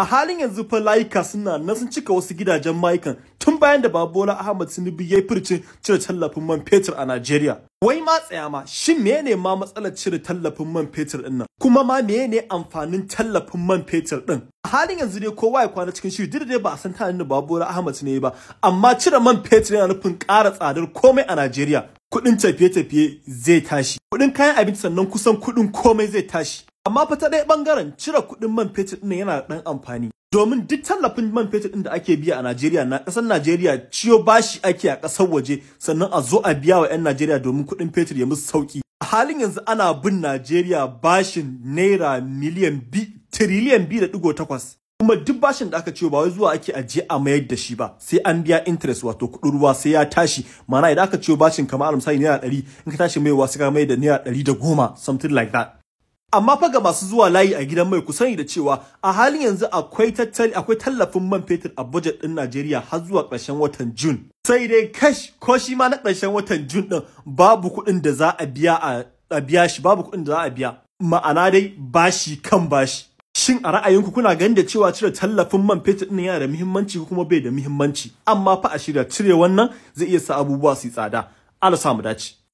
a halin yanzu fa la'ika suna nan sun cika wasu gidajen mayukan tun bayan da Babola Ahmad Tinubu ya furcin cire tallafin man fetur a Najeriya. Wai ma tsaya ma shin mene ma matsalar cire tallafin man fetur din nan? Kuma ma mene amfanin tallafin man fetur din? A halin yanzu dai kowa ya kwana cikin shi duk dai ba a san tanin da Babola Ahmad ne ba amma cire man fetur yana nufin ƙara tsadar komai a Najeriya. Kuɗin tafiye-tafiye zai tashi. Kuɗin kayan abinci sannan kusan kuɗin komai zai tashi. amma fa ta ɗaya ɓangaren cire kuɗin man fetur ɗin yana da ɗan amfani domin duk tallafin man fetur ɗin da ake biya a Najeriya na ƙasar Najeriya ciyo bashi ake a ƙasar waje sannan a zo a biya wa 'yan Najeriya domin kuɗin fetur ya musu sauƙi a halin yanzu ana bin Najeriya bashin naira miliyan bi tiriliyan biyu da ɗigo takwas kuma duk bashin da aka ciyo ba wai zuwa ake ajiye a mayar da shi ba sai an biya interest wato kuɗin ruwa sai ya tashi ma'ana idan aka ciyo bashin kamar misali naira ɗari in ka tashi maiwa sai ka mai da naira ɗari da goma something like that Amma fa ga masu zuwa layi a gidan mai ku da cewa a halin yanzu akwai tattali akwai tallafin man fetur a budget din Najeriya har zuwa ƙarshen watan jun. Sai dai kash ko shi ma na ƙarshen watan jun din babu kuɗin da za a biya a biya shi babu kuɗin da za a biya. Ma'ana dai bashi kan bashi. Shin a ra'ayinku kuna ganin da cewa cire tallafin man fetur din yana da muhimmanci ko kuma bai da muhimmanci? Amma fa a shirya cire wannan zai iya sa abubuwa su yi tsada. Allah mu dace.